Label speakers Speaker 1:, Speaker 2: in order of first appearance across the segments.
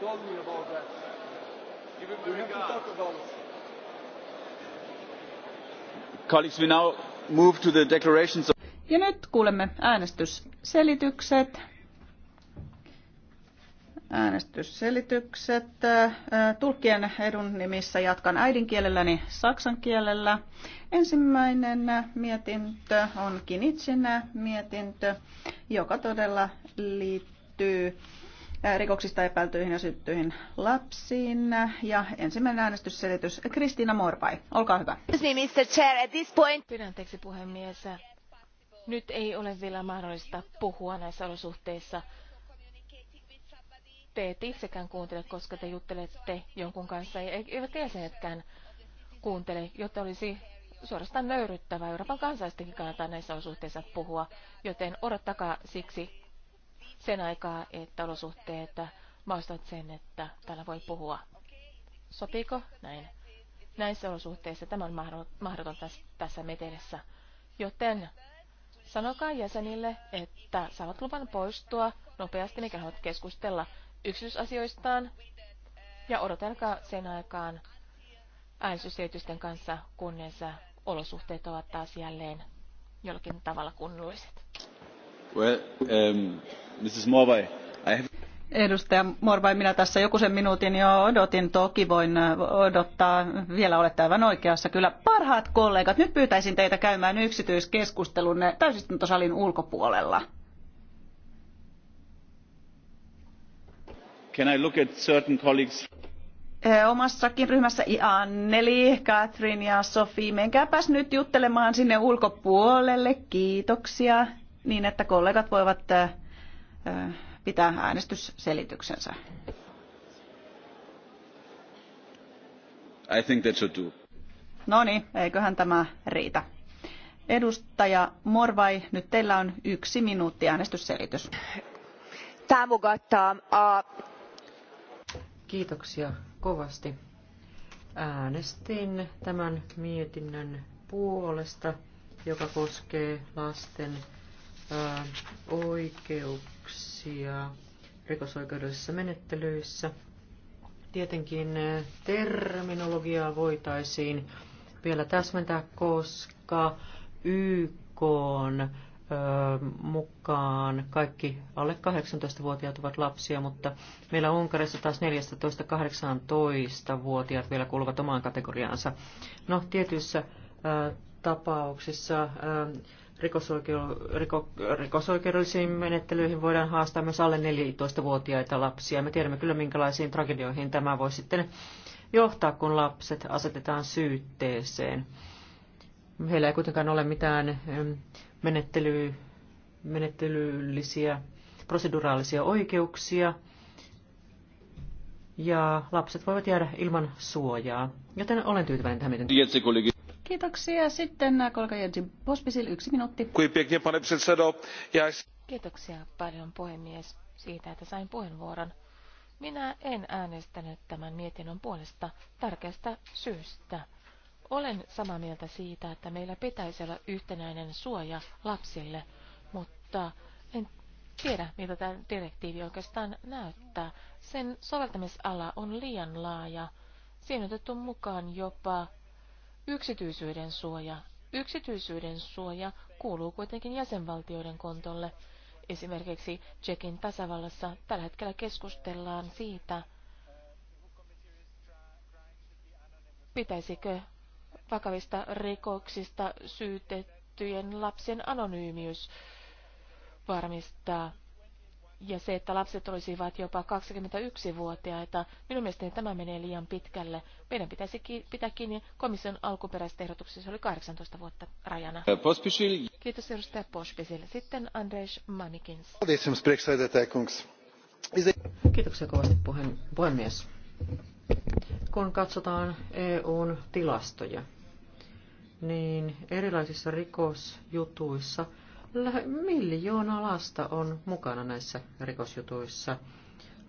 Speaker 1: told me about that. Give him the we regard. have to talk about it.
Speaker 2: Colleagues, we now move to the declarations of... Ja nyt kuulemme äänestysselitykset. Äänestysselitykset. Tulkien edun nimissä jatkan äidinkielelläni saksan kielellä. Ensimmäinen mietintö on Kinitsin mietintö, joka todella liittyy rikoksista epäiltyihin ja syttyihin lapsiin. Ja ensimmäinen äänestysselitys Kristiina Morpai. Olkaa hyvä.
Speaker 3: Mr. Chair, at this point... Pyydän anteeksi puhemies. Nyt ei ole vielä mahdollista puhua näissä olosuhteissa. Te et itsekään kuuntele, koska te juttelette jonkun kanssa, eivätkä jäsenetkään kuuntele, jotta olisi suorastaan nöyryttävää Euroopan kansaistenkin kannattaa näissä olosuhteissa puhua, joten odottakaa siksi sen aikaa, että olosuhteet mahdollistavat sen, että täällä voi puhua. Sopiiko näin? Näissä olosuhteissa tämä on mahdoton tässä metelessä. Joten sanokaa jäsenille, että saavat luvan poistua nopeasti, mikä haluat keskustella yksityisasioistaan, ja odotelkaa sen aikaan äänestysjärjestysten kanssa, kunnes olosuhteet ovat taas jälleen jollakin tavalla kunnolliset.
Speaker 2: Well, um... Edustaja Morvai, minä tässä joku minuutin jo odotin. Toki voin odottaa. Vielä olette aivan oikeassa. Kyllä parhaat kollegat, nyt pyytäisin teitä käymään yksityiskeskustelunne täysistuntosalin ulkopuolella. Can I look at certain colleagues? omassakin ryhmässä Anneli, Katrin ja Sophie menkääpäs nyt juttelemaan sinne ulkopuolelle. Kiitoksia, niin että kollegat voivat pitää äänestysselityksensä. I think that's too. No niin, eiköhän tämä riitä. Edustaja Morvai, nyt teillä on yksi minuutti äänestysselitys.
Speaker 4: Támogattam äh, Kiitoksia kovasti. Äänestin tämän mietinnön puolesta, joka koskee lasten ää, oikeutta oikeuksia rikosoikeudellisissa menettelyissä. Tietenkin eh, terminologiaa voitaisiin vielä täsmentää, koska YK on eh, mukaan kaikki alle 18-vuotiaat ovat lapsia, mutta meillä Unkarissa taas 14-18-vuotiaat vielä kuuluvat omaan kategoriaansa. No, tietyissä eh, tapauksissa rikosoikeudellisiin menettelyihin voidaan haastaa myös alle 14-vuotiaita lapsia. Me tiedämme kyllä, minkälaisiin tragedioihin tämä voi sitten johtaa, kun lapset asetetaan syytteeseen. Heillä ei kuitenkaan ole mitään menettely- menettelyllisiä, proseduraalisia oikeuksia ja lapset voivat jäädä ilman suojaa. Joten olen tyytyväinen tähän
Speaker 2: miten. Kiitoksia. Sitten kollega Jensi Pospisil, yksi minuutti. Kiitoksia paljon puhemies
Speaker 3: siitä, että sain puheenvuoron. Minä en äänestänyt tämän mietinnön puolesta tärkeästä syystä. Olen samaa mieltä siitä, että meillä pitäisi olla yhtenäinen suoja lapsille, mutta en tiedä, miltä tämä direktiivi oikeastaan näyttää. Sen soveltamisala on liian laaja. Siinä on otettu mukaan jopa Yksityisyyden suoja. Yksityisyyden suoja kuuluu kuitenkin jäsenvaltioiden kontolle. Esimerkiksi Tsekin tasavallassa tällä hetkellä keskustellaan siitä, pitäisikö vakavista rikoksista syytettyjen lapsien anonyymiys varmistaa ja se, että lapset olisivat jopa 21-vuotiaita, minun mielestäni tämä menee liian pitkälle. Meidän pitäisi pitää kiinni komission alkuperäisestä ehdotuksesta, se oli 18 vuotta rajana. Eh, Pospisil. Kiitos edustaja Pospisil. Sitten Andres Manikins.
Speaker 4: Kiitoksia kovasti puheen, puhemies. Kun katsotaan EUn tilastoja, niin erilaisissa rikosjutuissa – Miljoona lasta on mukana näissä rikosjutuissa.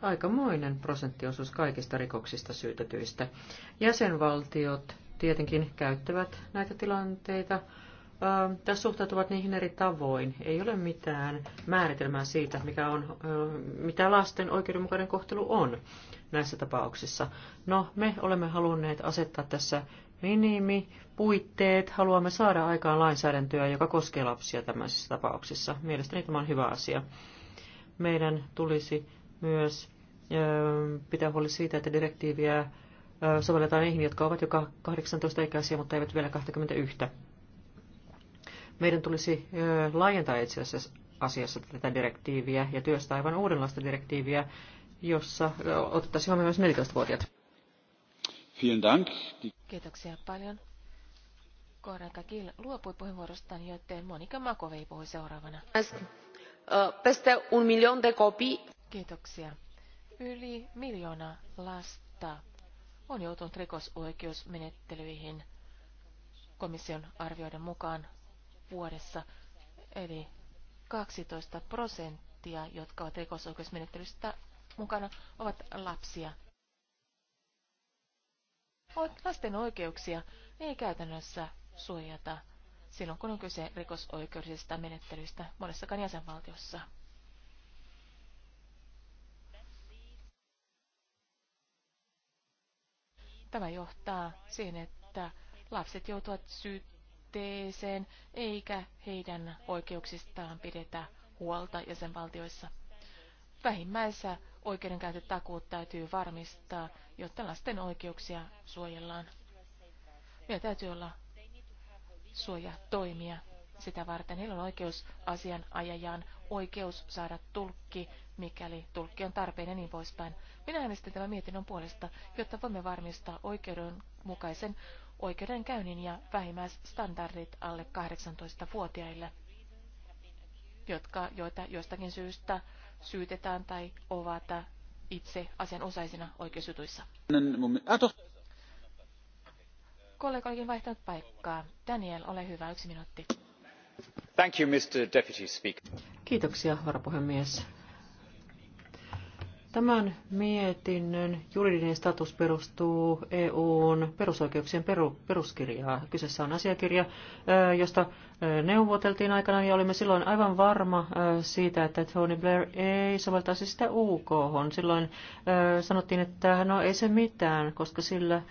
Speaker 4: Aikamoinen prosenttiosuus kaikista rikoksista syytetyistä. Jäsenvaltiot tietenkin käyttävät näitä tilanteita tässä suhtautuvat niihin eri tavoin. Ei ole mitään määritelmää siitä, mikä on, mitä lasten oikeudenmukainen kohtelu on näissä tapauksissa. No, me olemme halunneet asettaa tässä Minimi puitteet, Haluamme saada aikaan lainsäädäntöä, joka koskee lapsia tämmöisissä tapauksissa. Mielestäni tämä on hyvä asia. Meidän tulisi myös pitää huoli siitä, että direktiiviä sovelletaan niihin, jotka ovat jo 18-ikäisiä, mutta eivät vielä 21. Meidän tulisi laajentaa itse asiassa asiassa tätä direktiiviä ja työstää aivan uudenlaista direktiiviä, jossa otettaisiin huomioon myös 14-vuotiaat.
Speaker 3: Kiitoksia paljon. Koranka Kill luopui puheenvuorostaan, joten Monika Makovei puhui seuraavana.
Speaker 5: Peste un miljoon de copii.
Speaker 3: Kiitoksia. Yli miljoona lasta on joutunut rikosoikeusmenettelyihin komission arvioiden mukaan vuodessa, eli 12 prosenttia, jotka ovat rikosoikeusmenettelystä mukana, ovat lapsia lasten oikeuksia ei käytännössä suojata silloin, kun on kyse rikosoikeudellisista menettelyistä monessakaan jäsenvaltiossa. Tämä johtaa siihen, että lapset joutuvat syytteeseen eikä heidän oikeuksistaan pidetä huolta jäsenvaltioissa. Vähimmäisessä oikeudenkäyntitakuut täytyy varmistaa, jotta lasten oikeuksia suojellaan. Meillä täytyy olla suoja toimia sitä varten. Heillä on oikeus asianajajaan, oikeus saada tulkki, mikäli tulkki on tarpeen ja niin poispäin. Minä äänestän tämän mietinnön puolesta, jotta voimme varmistaa oikeudenmukaisen oikeudenkäynnin ja vähimmäisstandardit alle 18-vuotiaille, jotka, joita jostakin syystä syytetään tai ovat itse asianosaisina
Speaker 2: oikeusjutuissa.
Speaker 3: Kollega olikin vaihtanut paikkaa. Daniel, ole hyvä, yksi minuutti.
Speaker 1: Thank you, Mr. Deputy Speaker.
Speaker 4: Kiitoksia, varapuhemies. Tämän mietinnön juridinen status perustuu EUn perusoikeuksien peru, peruskirjaan. Kyseessä on asiakirja, josta neuvoteltiin aikanaan ja olimme silloin aivan varma siitä, että Tony Blair ei soveltaisi sitä UK. -hon. Silloin sanottiin, että no ei se mitään, koska sillä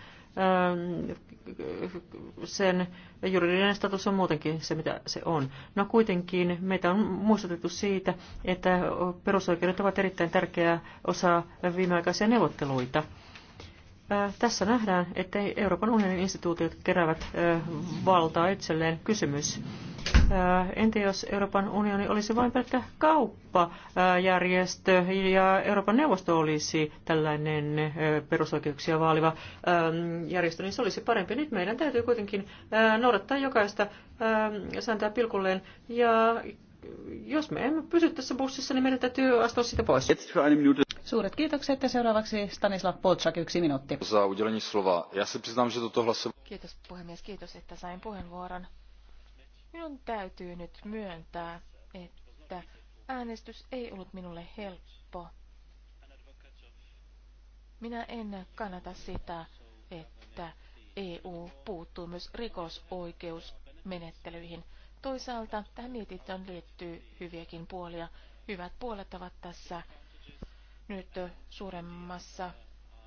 Speaker 4: sen juridinen status on muutenkin se, mitä se on. No kuitenkin meitä on muistutettu siitä, että perusoikeudet ovat erittäin tärkeä osa viimeaikaisia neuvotteluita. Tässä nähdään, että Euroopan unionin instituutiot keräävät valtaa itselleen kysymys Entä jos Euroopan unioni olisi vain pelkkä kauppajärjestö ja Euroopan neuvosto olisi tällainen perusoikeuksia vaaliva järjestö, niin se olisi parempi. Nyt meidän täytyy kuitenkin noudattaa jokaista sääntöä
Speaker 2: pilkulleen ja jos me emme pysy tässä bussissa, niin meidän täytyy astua sitä pois. Suuret kiitokset ja seuraavaksi Stanislav Polczak, yksi minuutti. Kiitos
Speaker 3: puhemies, kiitos että sain puheenvuoron. Minun täytyy nyt myöntää, että äänestys ei ollut minulle helppo. Minä en kannata sitä, että EU puuttuu myös rikosoikeusmenettelyihin. Toisaalta tähän mietintöön liittyy hyviäkin puolia. Hyvät puolet ovat tässä nyt suuremmassa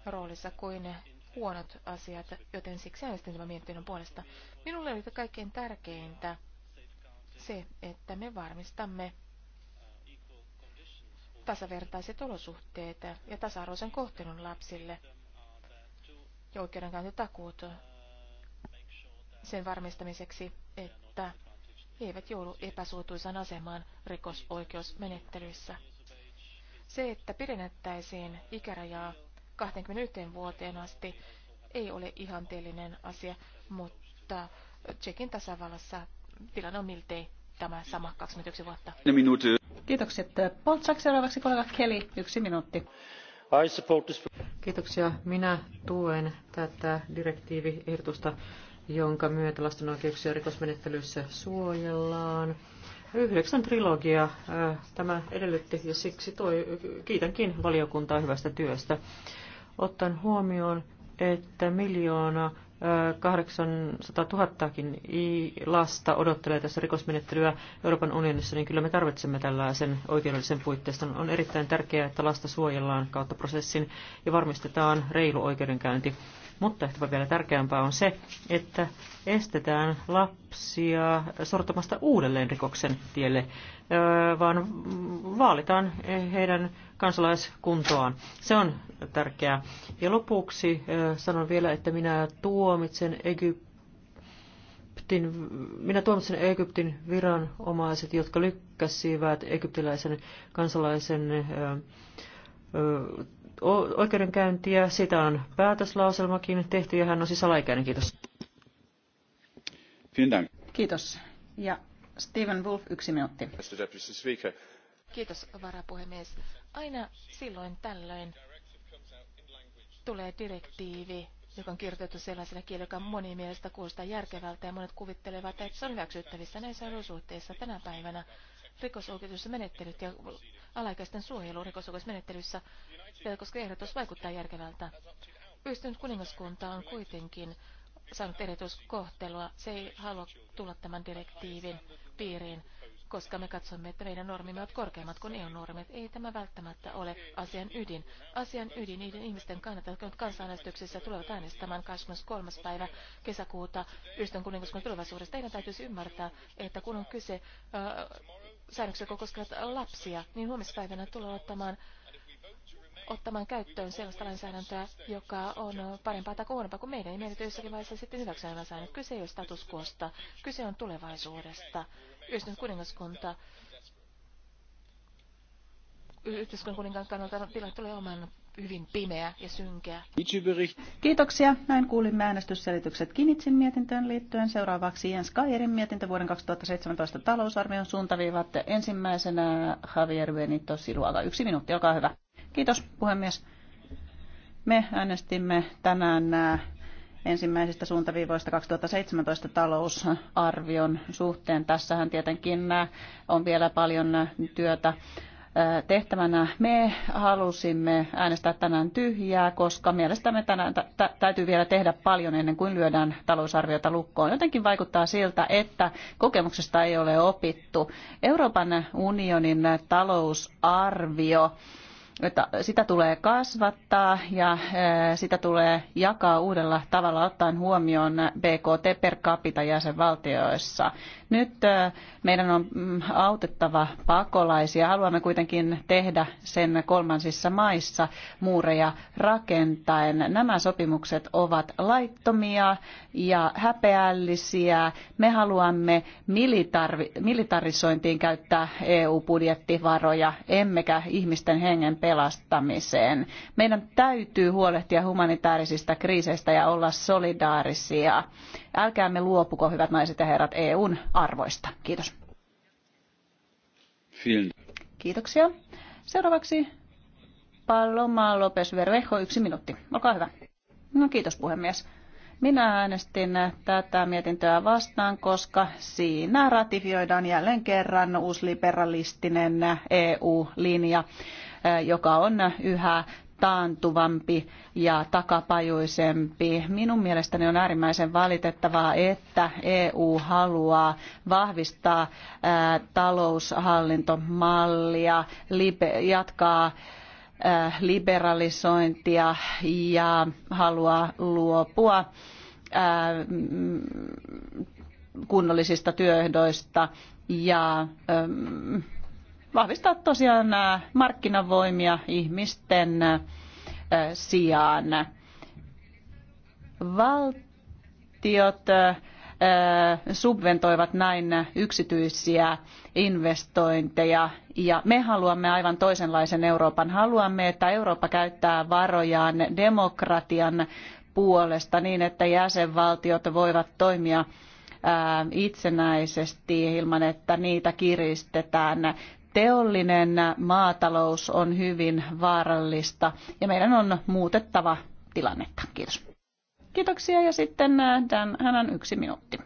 Speaker 3: roolissa kuin huonot asiat, joten siksi äänestin tämän mietinnön puolesta. Minulle oli kaikkein tärkeintä se, että me varmistamme tasavertaiset olosuhteet ja tasa-arvoisen kohtelun lapsille ja oikeudenkäyntitakuut sen varmistamiseksi, että he eivät joudu epäsuotuisaan asemaan rikosoikeusmenettelyissä. Se, että pidennettäisiin ikärajaa 21 vuoteen asti, ei ole ihanteellinen asia, mutta Tsekin tasavallassa tilanne on
Speaker 2: miltei tämä sama 21 vuotta. Kiitokset. Poltsak seuraavaksi kollega Kelly, yksi minuutti.
Speaker 4: Kiitoksia. Minä tuen tätä direktiiviehdotusta, jonka myötä lasten oikeuksia rikosmenettelyissä suojellaan. Yhdeksän trilogia tämä edellytti ja siksi toi, kiitänkin valiokuntaa hyvästä työstä. Ottan huomioon, että miljoona 800 000kin lasta odottelee tässä rikosmenettelyä Euroopan unionissa, niin kyllä me tarvitsemme tällaisen oikeudellisen puitteiston. On erittäin tärkeää, että lasta suojellaan kautta prosessin ja varmistetaan reilu oikeudenkäynti. Mutta ehkä vielä tärkeämpää on se, että estetään lapsia sortumasta uudelleen rikoksen tielle, vaan vaalitaan heidän kansalaiskuntoaan. Se on tärkeää. Ja lopuksi sanon vielä, että minä tuomitsen Egyptin, minä tuomitsen Egyptin viranomaiset, jotka lykkäsivät egyptiläisen kansalaisen oikeudenkäyntiä. Sitä on päätöslauselmakin tehty
Speaker 2: ja hän on siis alaikäinen. Kiitos. Kiitos. Ja Stephen Wolf, yksi minuutti.
Speaker 3: Kiitos, varapuhemies. Aina silloin tällöin tulee direktiivi, joka on kirjoitettu sellaisella kielellä, joka moni mielestä kuulostaa järkevältä ja monet kuvittelevat, että se on hyväksyttävissä näissä olosuhteissa tänä päivänä Rikosoikeudessa menettelyt ja alaikäisten suojelu rikosoikeusmenettelyssä, eh, koska ehdotus vaikuttaa järkevältä. Yhdistynyt kuningaskunta on kuitenkin saanut erityiskohtelua. Se ei halua tulla tämän direktiivin piiriin, koska me katsomme, että meidän normimme ovat korkeammat kuin EU-normit. Ei tämä välttämättä ole asian ydin. Asian ydin niiden ihmisten kannalta, jotka nyt kansanäänestyksessä tulevat äänestämään 23. päivä kesäkuuta yhdistön kuningaskunnan tulevaisuudesta. Teidän täytyisi ymmärtää, että kun on kyse äh, säännöksiä, jotka koskevat lapsia, niin huomispäivänä tulee ottamaan, ottamaan käyttöön sellaista lainsäädäntöä, joka on parempaa tai huonompaa kuin meidän. Meidän täytyy jossakin vaiheessa sitten hyväksyä nämä säännöt. Kyse ei ole statuskuosta, kyse on tulevaisuudesta. Yhdistynyt kuningaskunta yhteiskunnan kuninkaan kannalta tilanne tulee oman hyvin pimeä ja synkeä.
Speaker 2: Kiitoksia. Näin kuulimme äänestysselitykset Kinitsin mietintöön liittyen. Seuraavaksi Jens Kairin mietintö vuoden 2017 talousarvion suuntaviivat. Ensimmäisenä Javier Benito Siluaga. Yksi minuutti, olkaa hyvä. Kiitos puhemies. Me äänestimme tänään äh, ensimmäisistä suuntaviivoista 2017 talousarvion suhteen. Tässähän tietenkin äh, on vielä paljon äh, työtä tehtävänä. Me halusimme äänestää tänään tyhjää, koska mielestämme tänään täytyy vielä tehdä paljon ennen kuin lyödään talousarviota lukkoon. Jotenkin vaikuttaa siltä, että kokemuksesta ei ole opittu. Euroopan unionin talousarvio sitä tulee kasvattaa ja äh, sitä tulee jakaa uudella tavalla ottaen huomioon BKT per capita jäsenvaltioissa. Nyt äh, meidän on mm, autettava pakolaisia. Haluamme kuitenkin tehdä sen kolmansissa maissa muureja rakentaen. Nämä sopimukset ovat laittomia ja häpeällisiä. Me haluamme militarisointiin käyttää EU-budjettivaroja, emmekä ihmisten hengen pelastamiseen. Meidän täytyy huolehtia humanitaarisista kriiseistä ja olla solidaarisia. Älkäämme luopuko, hyvät naiset ja herrat, EUn arvoista. Kiitos. Kiitoksia. Seuraavaksi Paloma López Vervejo, yksi minuutti. Olkaa hyvä. No kiitos puhemies. Minä äänestin tätä mietintöä vastaan, koska siinä ratifioidaan jälleen kerran uusliberalistinen EU-linja. Eh, joka on yhä taantuvampi ja takapajuisempi. Minun mielestäni on äärimmäisen valitettavaa, että EU haluaa vahvistaa eh, taloushallintomallia, jatkaa eh, liberalisointia ja haluaa luopua kunnollisista työehdoista ja vahvistaa tosiaan äh, markkinavoimia ihmisten äh, sijaan. Valtiot äh, subventoivat näin yksityisiä investointeja ja me haluamme aivan toisenlaisen Euroopan. Haluamme, että Eurooppa käyttää varojaan demokratian puolesta niin, että jäsenvaltiot voivat toimia itsenäisesti ilman, että niitä kiristetään teollinen maatalous on hyvin vaarallista ja meidän on muutettava tilannetta. Kiitos. Kiitoksia ja sitten nähdään Hänen yksi minuutti.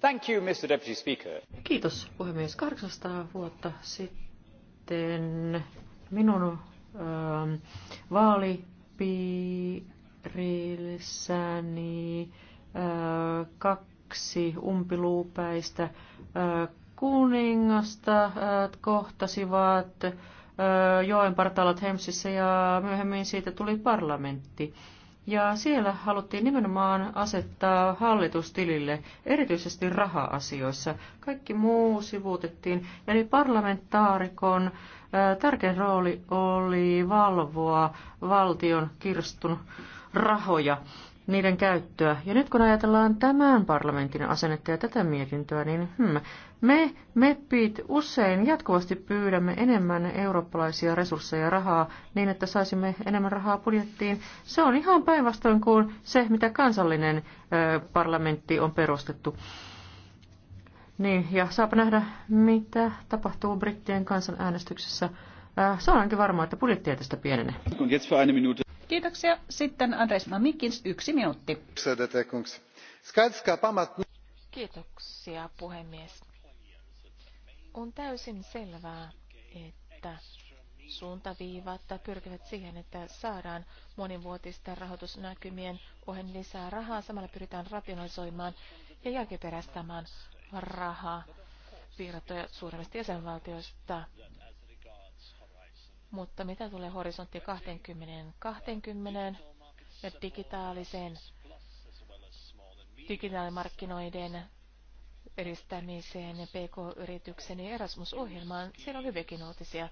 Speaker 1: Thank you, Mr. Deputy Speaker.
Speaker 2: Kiitos puhemies. 800 vuotta sitten
Speaker 4: minun ähm, vaalipiirissäni äh, kaksi umpiluupäistä äh, kuningasta äh, kohtasivat äh, joen partalat Hemsissä ja myöhemmin siitä tuli parlamentti. Ja siellä haluttiin nimenomaan asettaa hallitustilille, erityisesti raha-asioissa. Kaikki muu sivuutettiin, eli niin parlamentaarikon äh, tärkein rooli oli valvoa valtion kirstun rahoja, niiden käyttöä. Ja nyt kun ajatellaan tämän parlamentin asennetta ja tätä mietintöä, niin hmm, me MEPit usein jatkuvasti pyydämme enemmän eurooppalaisia resursseja ja rahaa niin, että saisimme enemmän rahaa budjettiin. Se on ihan päinvastoin kuin se, mitä kansallinen parlamentti on perustettu. Niin, ja saapa nähdä, mitä tapahtuu brittien kansanäänestyksessä. Se on ainakin varmaa, että budjetti ei tästä pienene.
Speaker 2: Kiitoksia. Sitten Andres Mamikins, yksi minuutti. Kiitoksia, puhemies
Speaker 3: on täysin selvää, että suuntaviivat pyrkivät siihen, että saadaan monivuotisten rahoitusnäkymien ohen lisää rahaa. Samalla pyritään rationalisoimaan ja jälkiperäistämään rahaa siirtoja suuremmista jäsenvaltioista. Mutta mitä tulee horisontti 20, 20 ja digitaaliseen, digitaalimarkkinoiden edistämiseen ja PK-yrityksen ja Erasmus-ohjelmaan. Siellä on hyviäkin uutisia.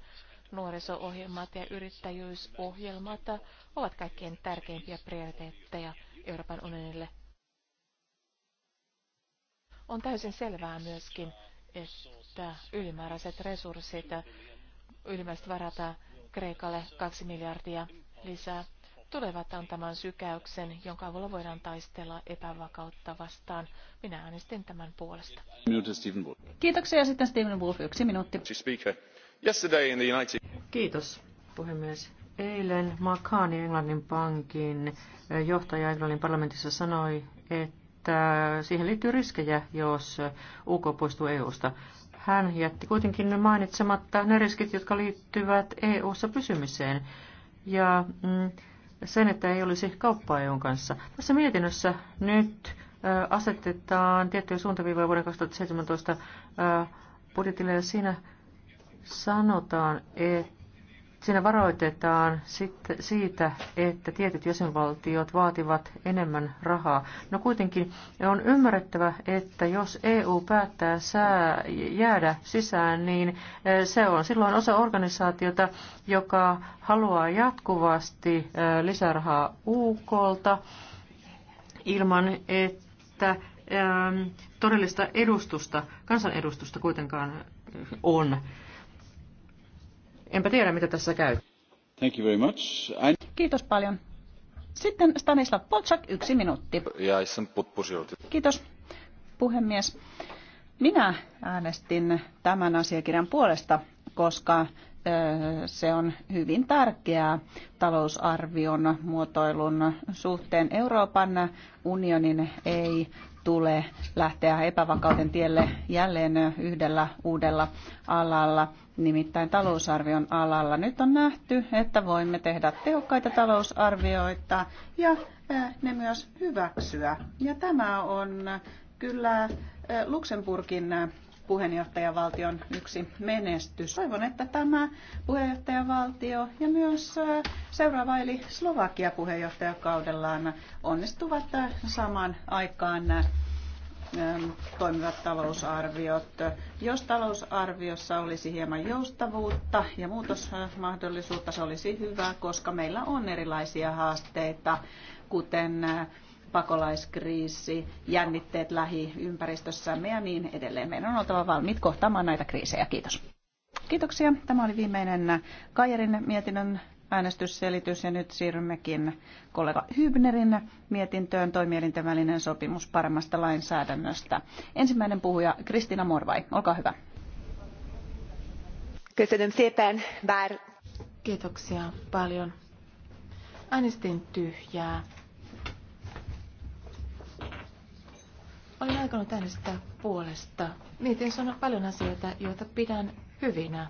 Speaker 3: Nuoriso-ohjelmat ja yrittäjyysohjelmat ovat kaikkein tärkeimpiä prioriteetteja Euroopan unionille. On täysin selvää myöskin, että ylimääräiset resurssit, ylimääräiset varata Kreikalle 2 miljardia lisää tulevat antamaan sykäyksen, jonka avulla voidaan taistella epävakautta vastaan. Minä äänestin tämän puolesta.
Speaker 2: Kiitoksia. Sitten Stephen Wolf, yksi minuutti. Kiitos,
Speaker 4: puhemies. Eilen Makani Englannin pankin eh, johtaja Englannin parlamentissa sanoi, että siihen liittyy riskejä, jos UK poistuu EUsta. Hän jätti kuitenkin mainitsematta ne riskit, jotka liittyvät EUssa pysymiseen. Ja mm, sen, että ei olisi kauppaa EUn kanssa. Tässä mietinnössä nyt asetetaan tiettyjä suuntaviivoja vuoden 2017 budjetille ja siinä sanotaan, että Siinä varoitetaan siitä, että tietyt jäsenvaltiot vaativat enemmän rahaa. No kuitenkin on ymmärrettävä, että jos EU päättää sää, jäädä sisään, niin e, se on silloin osa organisaatiota, joka haluaa jatkuvasti e, lisärahaa UKlta ilman, että e, todellista edustusta, kansanedustusta kuitenkaan on. Enpä tiedä, mitä tässä
Speaker 2: käy. Thank you very much. I... Kiitos paljon. Sitten Stanislav Polczak, yksi minuutti. Kiitos, puhemies. Minä äänestin tämän asiakirjan puolesta, koska se on hyvin tärkeää talousarvion muotoilun suhteen. Euroopan unionin ei tule lähteä epävakauden tielle jälleen yhdellä uudella alalla nimittäin talousarvion alalla. Nyt on nähty, että voimme tehdä tehokkaita talousarvioita ja ne myös hyväksyä. Ja tämä on kyllä Luxemburgin puheenjohtajavaltion yksi menestys. Toivon, että tämä puheenjohtajavaltio ja myös seuraava eli Slovakia puheenjohtajakaudellaan onnistuvat saman aikaan toimivat talousarviot. Jos talousarviossa olisi hieman joustavuutta ja muutosmahdollisuutta, se olisi hyvä, koska meillä on erilaisia haasteita, kuten pakolaiskriisi, jännitteet lähiympäristössämme ja niin edelleen. Meidän on oltava valmiit kohtaamaan näitä kriisejä. Kiitos. Kiitoksia. Tämä oli viimeinen Kajerin mietinnön äänestysselitys ja nyt siirrymmekin kollega Hybnerin mietintöön toimielinten välinen sopimus paremmasta lainsäädännöstä. Ensimmäinen puhuja Kristina Morvai, olkaa hyvä.
Speaker 3: Kiitoksia paljon. Äänestin tyhjää. Olen aikonut äänestää puolesta. Mietin on paljon asioita, joita pidän hyvinä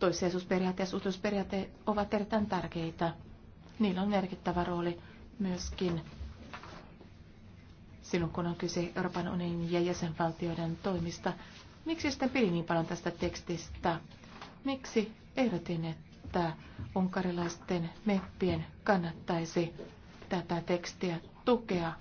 Speaker 3: toissijaisuusperiaate ja suhteellisuusperiaate ovat erittäin tärkeitä. Niillä on merkittävä rooli myöskin silloin, kun on kyse Euroopan unionin ja jäsenvaltioiden toimista. Miksi sitten pidin niin paljon tästä tekstistä? Miksi ehdotin, että unkarilaisten meppien kannattaisi tätä tekstiä tukea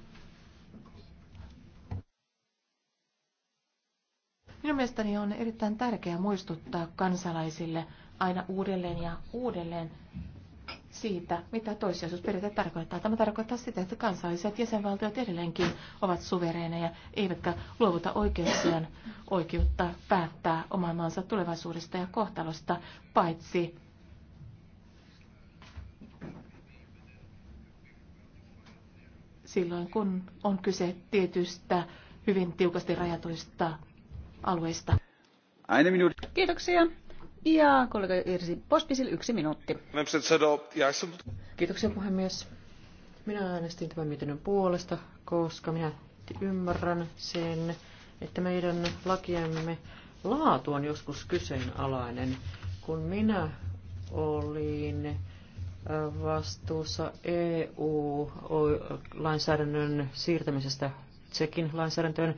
Speaker 3: Minun mielestäni on erittäin tärkeää muistuttaa kansalaisille aina uudelleen ja uudelleen siitä, mitä toissijaisuusperiaate tarkoittaa. Tämä tarkoittaa sitä, että kansalliset jäsenvaltiot edelleenkin ovat suvereineja, eivätkä luovuta oikeuksiaan oikeutta päättää oman maansa tulevaisuudesta ja kohtalosta, paitsi silloin, kun on kyse tietystä hyvin tiukasti
Speaker 2: rajatuista alueista. Kiitoksia. Ja kollega Irsi Pospisil yksi minuutti. Kiitoksia puhemies.
Speaker 4: Minä äänestin tämän mietinnön puolesta, koska minä ymmärrän sen, että meidän lakiemme laatu on joskus kyseenalainen. Kun minä olin äh, vastuussa EU-lainsäädännön siirtämisestä Tsekin lainsäädäntöön,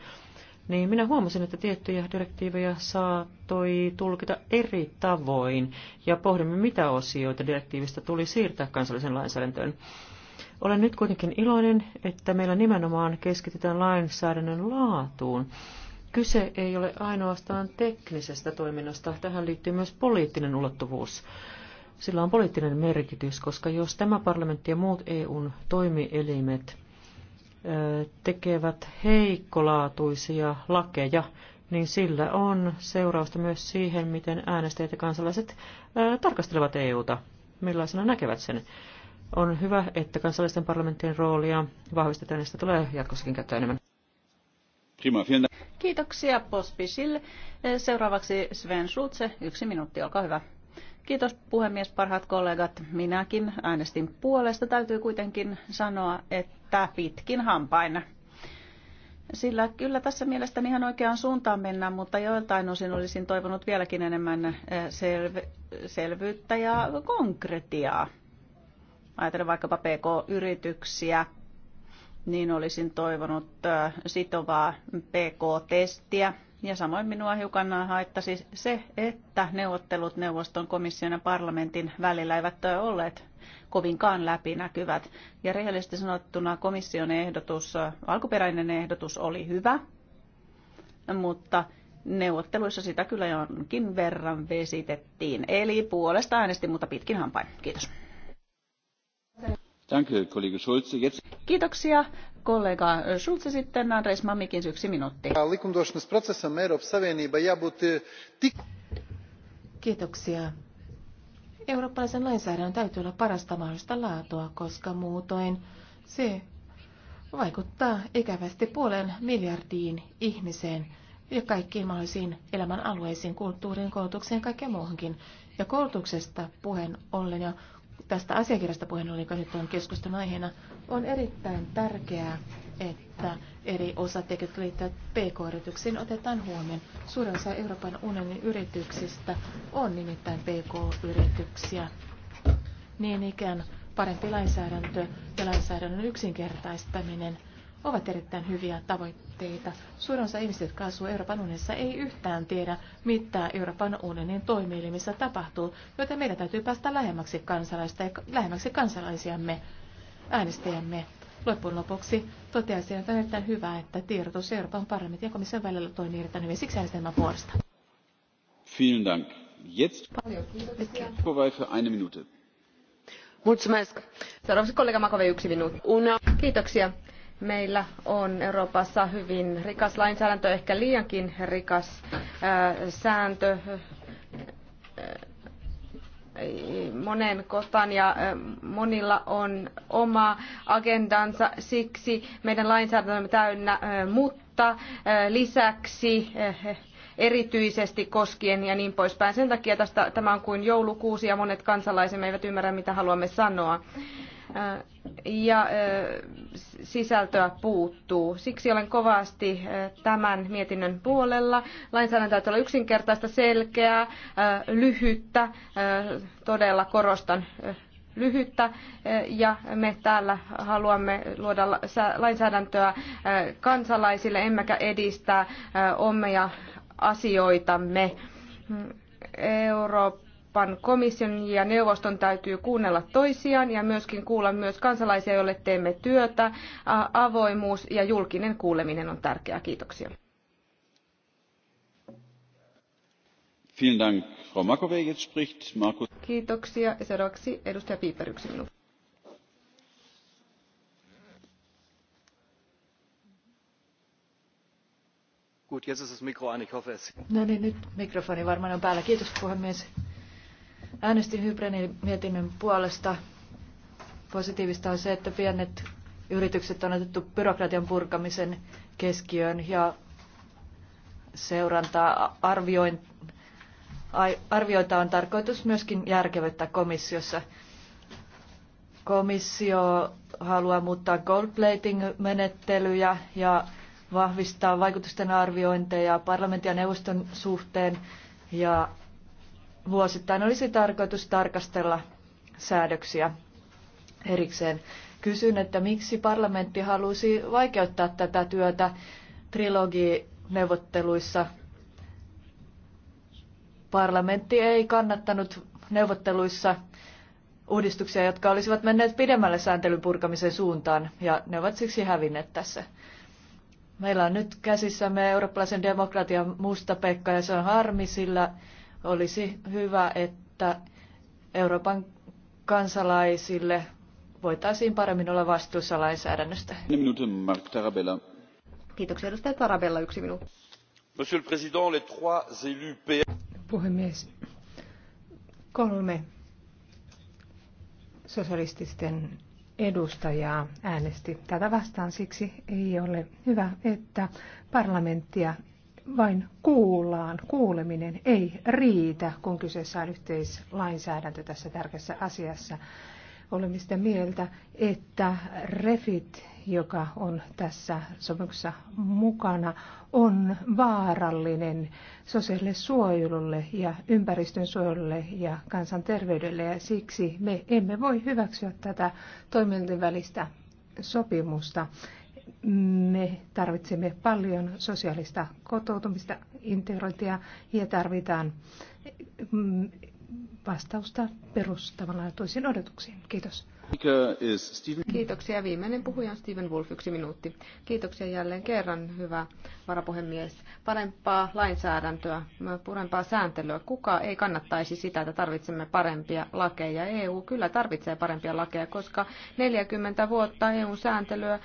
Speaker 4: niin minä huomasin, että tiettyjä direktiivejä saattoi tulkita eri tavoin ja pohdimme, mitä osioita direktiivistä tuli siirtää kansallisen lainsäädäntöön. Olen nyt kuitenkin iloinen, että meillä nimenomaan keskitytään lainsäädännön laatuun. Kyse ei ole ainoastaan teknisestä toiminnasta, tähän liittyy myös poliittinen ulottuvuus. Sillä on poliittinen merkitys, koska jos tämä parlamentti ja muut EUn toimielimet tekevät heikkolaatuisia lakeja, niin sillä on seurausta myös siihen, miten äänestäjät ja kansalaiset tarkastelevat EUta, millaisena näkevät sen. On hyvä, että kansallisten parlamenttien roolia vahvistetaan ja sitä tulee jatkossakin käyttää enemmän.
Speaker 2: Kiitoksia Pospisille. Seuraavaksi Sven Schulze, yksi minuutti, olkaa hyvä. Kiitos puhemies, parhaat kollegat. Minäkin äänestin puolesta. Täytyy kuitenkin sanoa, että pitkin hampain. Sillä kyllä tässä mielestäni ihan oikeaan suuntaan mennään, mutta joiltain osin olisin toivonut vieläkin enemmän eh, selv- selvyyttä ja konkretiaa. Ajatellen vaikkapa PK-yrityksiä, niin olisin toivonut eh, sitovaa PK-testiä ja samoin minua hiukan haittasi se, että neuvottelut neuvoston, komission ja parlamentin välillä eivät olleet kovinkaan läpinäkyvät. Ja rehellisesti sanottuna komission ehdotus, alkuperäinen ehdotus oli hyvä, mutta neuvotteluissa sitä kyllä jonkin verran vesitettiin. Eli puolesta äänestin, mutta pitkin hampain. Kiitos. Kiitoksia kollega Schulze, sitten Andres Mamikin yksi minuutti. Eh,
Speaker 4: Kiitoksia.
Speaker 3: Eurooppalaisen lainsäädännön täytyy olla parasta mahdollista laatua, koska muutoin se vaikuttaa ikävästi puolen miljardiin ihmiseen ja kaikkiin mahdollisiin elämän alueisiin, kulttuuriin, koulutukseen ja kaikkeen muuhunkin. Ja koulutuksesta puheen ollen ja tästä asiakirjasta puheen oli nyt keskustelun aiheena, on erittäin tärkeää, että eri osatekijät liittyvät PK-yrityksiin otetaan huomioon. Suurin osa Euroopan unionin yrityksistä on nimittäin PK-yrityksiä. Niin ikään parempi lainsäädäntö ja lainsäädännön yksinkertaistaminen – ovat erittäin hyviä tavoitteita. Suurin osa ihmisistä, jotka asuu Euroopan unionissa, ei yhtään tiedä, mitä Euroopan unionin toimielimissä tapahtuu, joten meidän täytyy päästä lähemmäksi kansalaista ja lähemmäksi kansalaisiamme, äänestäjämme. Loppujen lopuksi toteaisin, että on erittäin hyvä, että tiedotus Euroopan parlamentin ja komission välillä toimii niin erittäin hyvin. Siksi äänestäjämme puolesta.
Speaker 2: Vielen Dank. Jetzt... Paljon kiitoksia. Für eine Minute.
Speaker 6: Mulțumesc. Seuraavaksi kollega Makove yksi minuutti. Una. Kiitoksia Meillä on Euroopassa hyvin rikas lainsäädäntö, ehkä liiankin rikas sääntö monen kotan ja monilla on oma agendansa, siksi meidän lainsäädäntömme täynnä, mutta lisäksi erityisesti koskien ja niin poispäin. Sen takia tästä, tämä on kuin joulukuusi ja monet kansalaisemme eivät ymmärrä, mitä haluamme sanoa ja sisältöä puuttuu. Siksi olen kovasti tämän mietinnön puolella. Lainsäädäntö täytyy olla yksinkertaista, selkeää, lyhyttä, todella korostan lyhyttä ja me täällä haluamme luoda lainsäädäntöä kansalaisille emmekä edistää omia asioitamme. Mm, Eurooppa Euroopan komission ja neuvoston täytyy kuunnella toisiaan ja myöskin kuulla myös kansalaisia, joille teemme työtä. Avoimuus ja julkinen kuuleminen on tärkeää. Kiitoksia. Kiitoksia. Ja seuraavaksi edustaja Piiper, yksi minuutti.
Speaker 1: No niin, nyt mikrofoni varmaan on päällä. Kiitos puhemies. Äänestin hybridin mietinnön puolesta. Positiivista on se, että pienet yritykset on otettu byrokratian purkamisen keskiöön ja seurantaa arvioin, arvioita on tarkoitus myöskin järkevettä komissiossa. Komissio haluaa muuttaa goldplating-menettelyjä ja vahvistaa vaikutusten arviointeja parlamentin ja neuvoston suhteen ja vuosittain olisi tarkoitus tarkastella säädöksiä erikseen. Kysyn, että miksi parlamentti halusi vaikeuttaa tätä työtä trilogineuvotteluissa. Parlamentti ei kannattanut neuvotteluissa uudistuksia, jotka olisivat menneet pidemmälle sääntelyn purkamisen suuntaan, ja ne ovat siksi hävinneet tässä. Meillä on nyt käsissämme eurooppalaisen demokratian musta pekka, ja se on harmi, sillä olisi hyvä, että Euroopan kansalaisille voitaisiin paremmin olla vastuussa lainsäädännöstä. Kiitoksia edustaja Tarabella, yksi minuutti.
Speaker 2: Monsieur le Président, les trois élus PS...
Speaker 5: Puhemies, kolme sosialististen edustajaa äänesti tätä vastaan. Siksi ei ole hyvä, että parlamenttia vain kuullaan. Kuuleminen ei riitä, kun kyseessä on yhteislainsäädäntö tässä tärkeässä asiassa. Olemme sitä mieltä, että refit, joka on tässä sopimuksessa mukana, on vaarallinen sosiaaliselle suojelulle ja ympäristön suojelulle ja kansanterveydelle ja siksi me emme voi hyväksyä tätä toimintavälistä sopimusta me tarvitsemme paljon sosiaalista kotoutumista, integrointia ja tarvitaan mm,
Speaker 6: vastausta perustavanlaatuisiin odotuksiin. Kiitos. Kiitoksia. Viimeinen puhuja on Steven Wolf, yksi minuutti. Kiitoksia jälleen kerran, hyvä varapuhemies. Parempaa lainsäädäntöä, parempaa sääntelyä. Kuka ei kannattaisi sitä, että tarvitsemme parempia lakeja? EU kyllä tarvitsee parempia lakeja, koska 40 vuotta EU-sääntelyä eh,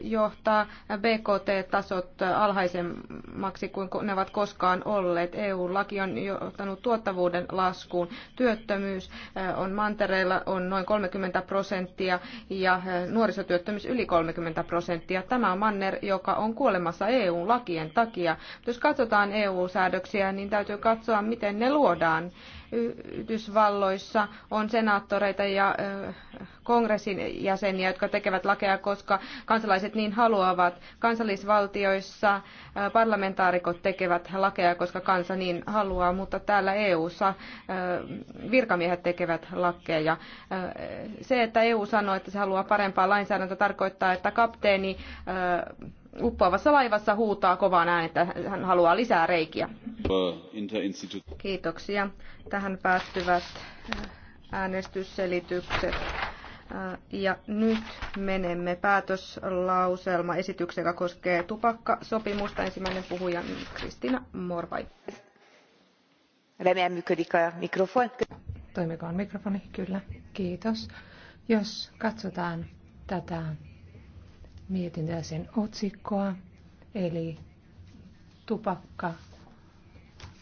Speaker 6: johtaa BKT-tasot alhaisemmaksi kuin ne ovat koskaan olleet. EU-laki on johtanut tuottavuuden laskuun. Työttömyys eh, on mantereilla on noin 30 prosenttia ja eh, nuorisotyöttömyys yli 30 prosenttia. Tämä on manner, joka on kuolemassa EU-lakien takia. Jos katsotaan EU-säädöksiä, niin täytyy katsoa, miten ne luodaan. Yhdysvalloissa on senaattoreita ja kongressin jäseniä, jotka tekevät lakeja, koska kansalaiset niin haluavat. Kansallisvaltioissa parlamentaarikot tekevät lakeja, koska kansa niin haluaa, mutta täällä EU-ssa virkamiehet tekevät lakeja. Se, että EU sanoo, että se haluaa parempaa lainsäädäntöä, tarkoittaa, että kapteeni uppoavassa laivassa huutaa kovaan ääneen, että hän haluaa lisää reikiä. Kiitoksia. Tähän päättyvät äh, äänestysselitykset. Äh, ja nyt menemme päätöslauselma esitykseen, joka koskee tupakkasopimusta. Ensimmäinen puhuja Kristina Morvai. Remélem
Speaker 5: Toimikoon mikrofoni, kyllä. Kiitos. Jos katsotaan tätä mietintöä sen otsikkoa, eli tupakka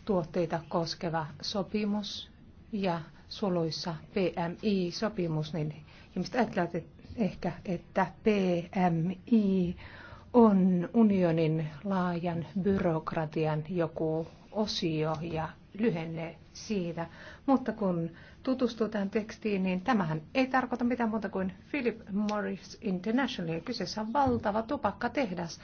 Speaker 5: tuotteita koskeva sopimus ja suluissa PMI-sopimus, niin ihmiset ajattelevat ehkä, että PMI on unionin laajan byrokratian joku osio ja lyhenne siitä, mutta kun tutustuu tähän tekstiin, niin tämähän ei tarkoita mitään muuta kuin Philip Morris International. Ja kyseessä on valtava tupakkatehdas.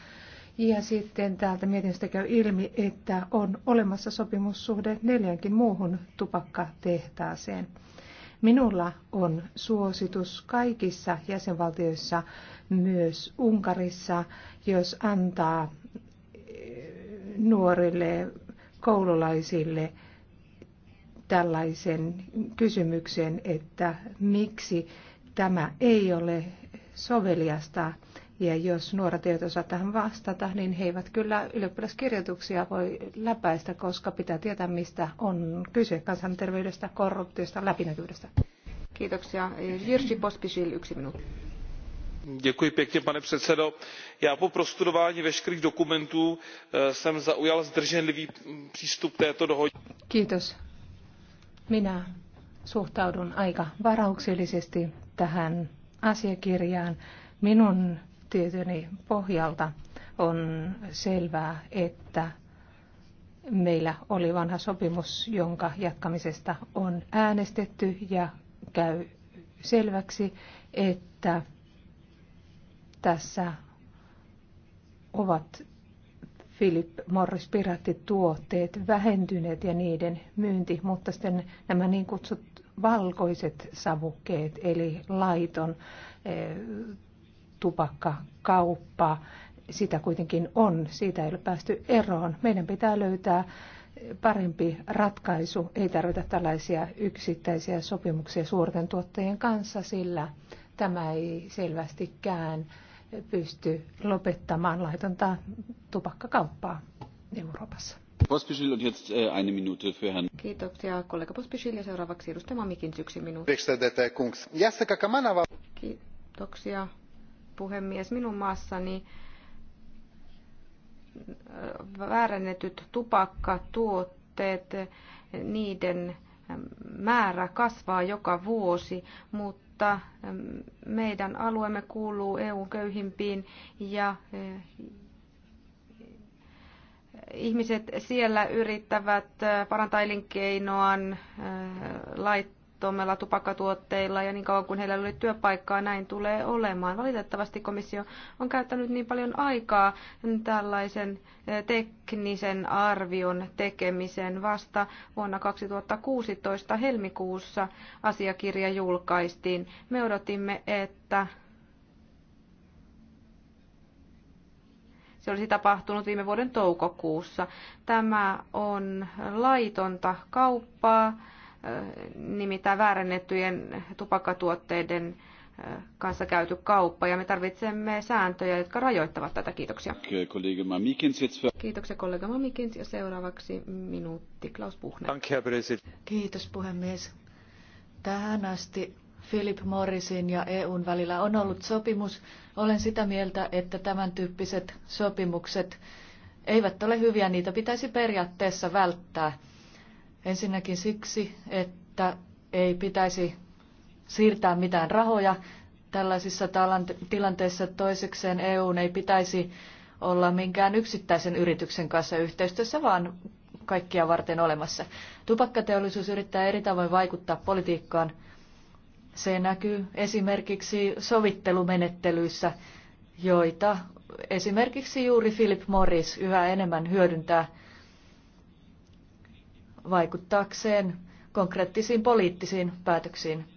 Speaker 5: Ja sitten täältä mietinnöstä käy ilmi, että on olemassa sopimussuhde neljänkin muuhun tupakkatehtaaseen. Minulla on suositus kaikissa jäsenvaltioissa, myös Unkarissa, jos antaa eh, nuorille koululaisille – tällaisen kysymyksen, että miksi tämä ei ole soveliasta. Ja jos nuoret eivät osaa tähän vastata, niin he eivät kyllä ylioppilaskirjoituksia voi läpäistä, koska pitää tietää, mistä on kyse kansanterveydestä,
Speaker 6: korruptiosta, läpinäkyvyydestä. Kiitoksia. Jirsi Pospisil, yksi minuutti
Speaker 3: pane předsedo. já po prostudování veškerých dokumentů eh, jsem zaujal zdrženlivý přístup této dohodě.
Speaker 5: Minä suhtaudun aika varauksellisesti tähän asiakirjaan. Minun tietyni pohjalta on selvää, että meillä oli vanha sopimus, jonka jatkamisesta on äänestetty ja käy selväksi, että tässä ovat Philip Morris tuotteet vähentyneet ja niiden myynti, mutta sitten nämä niin kutsut valkoiset savukkeet, eli laiton eh, tupakkakauppa, sitä kuitenkin on, siitä ei ole päästy eroon. Meidän pitää löytää parempi ratkaisu, ei tarvita tällaisia yksittäisiä sopimuksia suurten tuottajien kanssa, sillä tämä ei selvästikään pysty lopettamaan laitonta tupakkakauppaa
Speaker 6: Euroopassa.
Speaker 2: Pospisil on jetzt äh, eine Minute für Herrn.
Speaker 6: Kiitoksia kollega Pospisil ja seuraavaksi edustaja Mamikin yksi minuutti. Kiitoksia puhemies. Minun maassani äh, väärännetyt tupakkatuotteet, niiden äh, määrä kasvaa joka vuosi, mutta mutta meidän alueemme kuuluu EUn köyhimpiin ja ihmiset siellä yrittävät parantaa elinkeinoaan, lait, laittomilla tupakkatuotteilla ja niin kauan kuin heillä oli työpaikkaa, näin tulee olemaan. Valitettavasti komissio on käyttänyt niin paljon aikaa tällaisen eh, teknisen arvion tekemisen vasta vuonna 2016 helmikuussa asiakirja julkaistiin. Me odotimme, että Se olisi tapahtunut viime vuoden toukokuussa. Tämä on laitonta kauppaa nimittäin väärennettyjen tupakkatuotteiden kanssa käyty kauppa ja me tarvitsemme sääntöjä, jotka rajoittavat tätä. Kiitoksia. Kiitoksia kollega Mamikins ja seuraavaksi minuutti Klaus Buchner. Kiitos puhemies.
Speaker 1: Tähän asti Philip Morrisin ja EUn välillä on ollut sopimus. Olen sitä mieltä, että tämän tyyppiset sopimukset eivät ole hyviä, niitä pitäisi periaatteessa välttää. Ensinnäkin siksi, että ei pitäisi siirtää mitään rahoja tällaisissa tilanteissa. Toisekseen EU ei pitäisi olla minkään yksittäisen yrityksen kanssa yhteistyössä, vaan kaikkia varten olemassa. Tupakkateollisuus yrittää eri tavoin vaikuttaa politiikkaan. Se näkyy esimerkiksi sovittelumenettelyissä, joita esimerkiksi juuri Philip Morris yhä enemmän hyödyntää vaikuttaakseen konkreettisiin poliittisiin päätöksiin.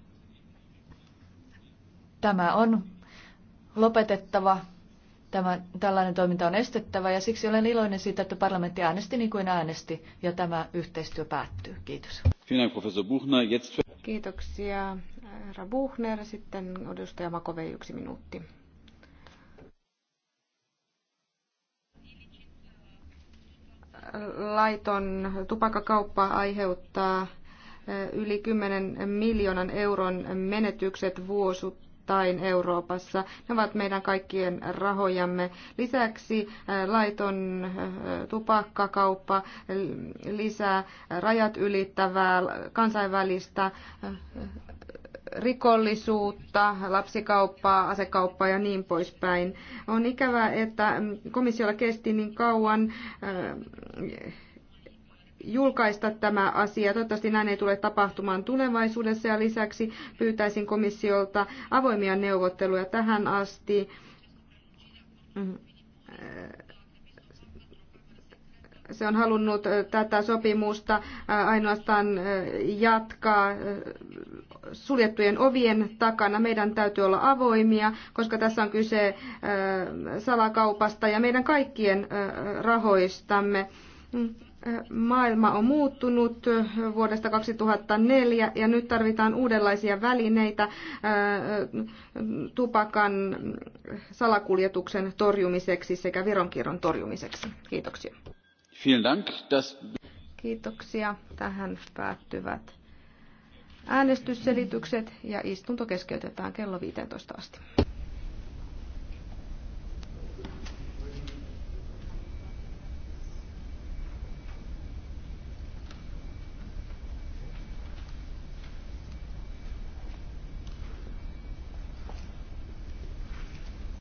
Speaker 1: Tämä on lopetettava, tämä, tällainen toiminta on estettävä ja siksi olen iloinen siitä, että parlamentti äänesti niin kuin äänesti ja tämä yhteistyö päättyy. Kiitos.
Speaker 6: Kiitoksia, herra Buchner. Sitten edustaja Makovei yksi minuutti. laiton tupakkakauppa aiheuttaa yli 10 miljoonan euron menetykset vuosittain Euroopassa. Ne ovat meidän kaikkien rahojamme. Lisäksi laiton tupakkakauppa lisää rajat ylittävää kansainvälistä rikollisuutta, lapsikauppaa, asekauppaa ja niin poispäin. On ikävää, että komissiolla kesti niin kauan äh, julkaista tämä asia. Toivottavasti näin ei tule tapahtumaan tulevaisuudessa ja lisäksi pyytäisin komissiolta avoimia neuvotteluja tähän asti äh, se on halunnut äh, tätä sopimusta ainoastaan jatkaa suljettujen ovien takana. Meidän täytyy olla avoimia, koska tässä on kyse salakaupasta ja meidän kaikkien rahoistamme. Mm, maailma on muuttunut vuodesta 2004 ja nyt tarvitaan uudenlaisia välineitä tupakan salakuljetuksen torjumiseksi sekä veronkierron torjumiseksi. Kiitoksia. Kiitoksia. Tähän päättyvät äänestysselitykset ja istunto keskeytetään kello 15 asti.